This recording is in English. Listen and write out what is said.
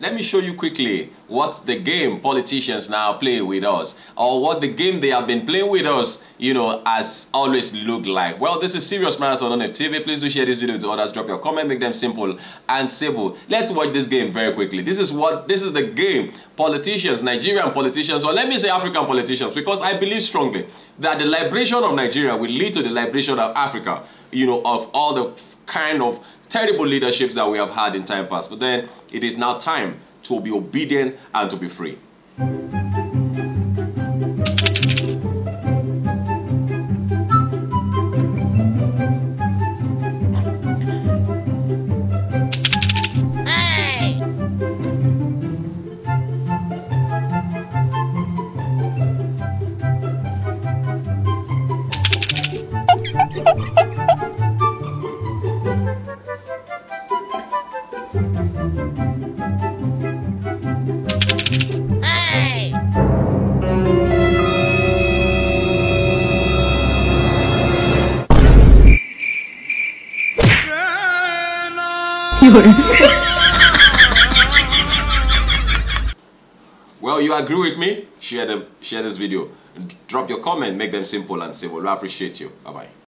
let me show you quickly what the game politicians now play with us or what the game they have been playing with us, you know, has always looked like. Well, this is Serious Matters on NFTV. Please do share this video to others. Drop your comment, make them simple and simple. Let's watch this game very quickly. This is what, this is the game politicians, Nigerian politicians, or let me say African politicians, because I believe strongly that the liberation of Nigeria will lead to the liberation of Africa, you know, of all the kind of terrible leaderships that we have had in time past. But then it is now time to be obedient and to be free. well, you agree with me? Share, the, share this video. Drop your comment, make them simple and simple. We appreciate you. Bye-bye.